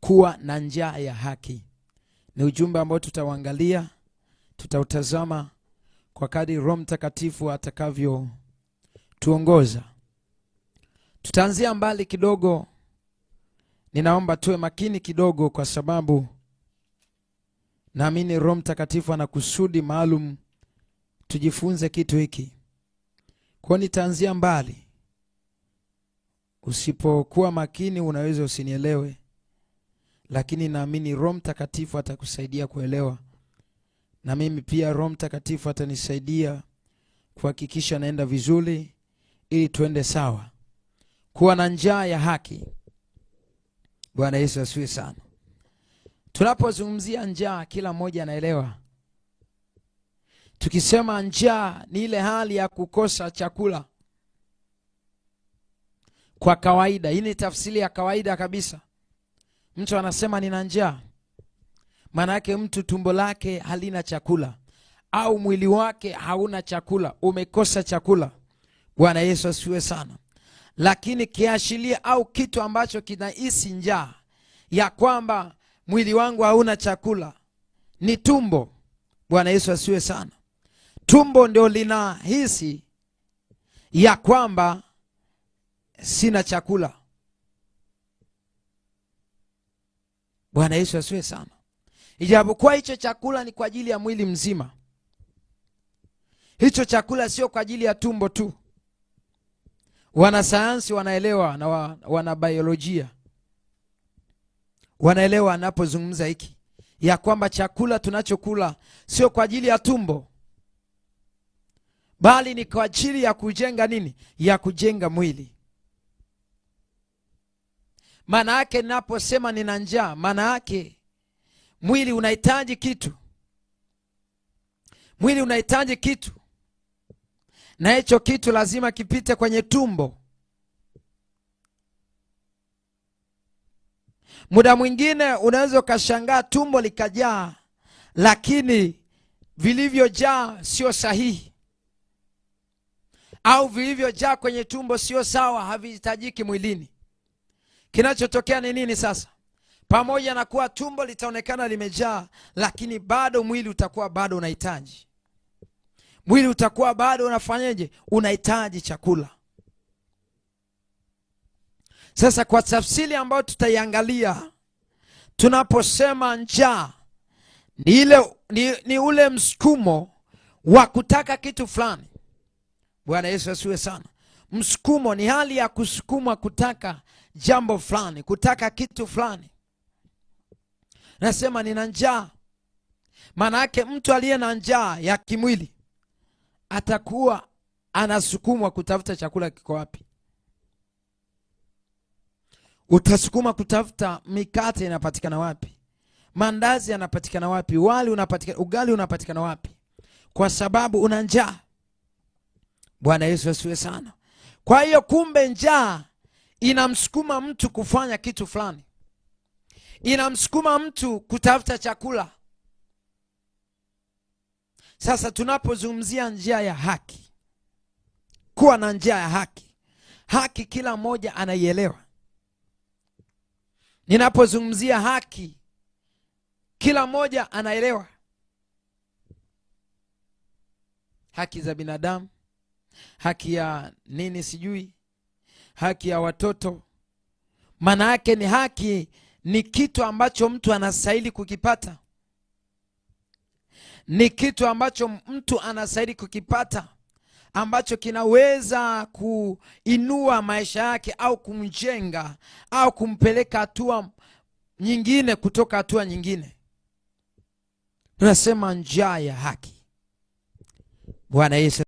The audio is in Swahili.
kuwa na njaa ya haki. Ni ujumbe ambao tutauangalia, tutautazama kwa kadi Roho Mtakatifu atakavyotuongoza. Tutaanzia mbali kidogo, ninaomba tuwe makini kidogo, kwa sababu naamini Roho Mtakatifu ana kusudi maalum tujifunze kitu hiki. Kwa nitaanzia mbali, usipokuwa makini unaweza usinielewe lakini naamini Roho Mtakatifu atakusaidia kuelewa, na mimi pia Roho Mtakatifu atanisaidia kuhakikisha naenda vizuri, ili tuende sawa. Kuwa na njaa ya haki. Bwana Yesu asifiwe sana. Tunapozungumzia njaa, kila mmoja anaelewa. Tukisema njaa ni ile hali ya kukosa chakula kwa kawaida. Hii ni tafsiri ya kawaida kabisa. Mtu anasema nina njaa, maana yake mtu tumbo lake halina chakula au mwili wake hauna chakula, umekosa chakula. Bwana Yesu asiwe sana. Lakini kiashiria au kitu ambacho kinahisi njaa ya kwamba mwili wangu hauna chakula ni tumbo. Bwana Yesu asiwe sana. Tumbo ndio linahisi ya kwamba sina chakula. Bwana Yesu asiwe sana. Ijapokuwa hicho chakula ni kwa ajili ya mwili mzima, hicho chakula sio kwa ajili ya tumbo tu. Wanasayansi wanaelewa na wa, wanabiolojia wanaelewa anapozungumza hiki ya kwamba chakula tunachokula sio kwa ajili ya tumbo, bali ni kwa ajili ya kujenga nini? Ya kujenga mwili. Maana yake ninaposema nina njaa, maana yake mwili unahitaji kitu, mwili unahitaji kitu, na hicho kitu lazima kipite kwenye tumbo. Muda mwingine unaweza ukashangaa tumbo likajaa, lakini vilivyojaa sio sahihi, au vilivyojaa kwenye tumbo sio sawa, havihitajiki mwilini. Kinachotokea ni nini sasa? Pamoja na kuwa tumbo litaonekana limejaa, lakini bado mwili utakuwa bado unahitaji mwili utakuwa bado unafanyeje? Unahitaji chakula. Sasa kwa tafsiri ambayo tutaiangalia, tunaposema njaa ni, ile, ni, ni ule msukumo wa kutaka kitu fulani. Bwana Yesu asiwe sana Msukumo ni hali ya kusukumwa kutaka jambo fulani, kutaka kitu fulani. Nasema nina njaa. Maana yake mtu aliye na njaa ya kimwili atakuwa anasukumwa kutafuta chakula kiko wapi. Utasukuma kutafuta mikate inapatikana wapi, mandazi yanapatikana wapi, wali unapatikana, ugali unapatikana wapi, kwa sababu una njaa. Bwana Yesu asiwe sana. Kwa hiyo kumbe, njaa inamsukuma mtu kufanya kitu fulani, inamsukuma mtu kutafuta chakula. Sasa tunapozungumzia njia ya haki, kuwa na njia ya haki, haki kila mmoja anaielewa. Ninapozungumzia haki, kila mmoja anaelewa haki za binadamu haki ya nini sijui, haki ya watoto. Maana yake ni haki ni kitu ambacho mtu anastahili kukipata, ni kitu ambacho mtu anastahili kukipata ambacho kinaweza kuinua maisha yake au kumjenga au kumpeleka hatua nyingine kutoka hatua nyingine. Tunasema njaa ya haki. Bwana Yesu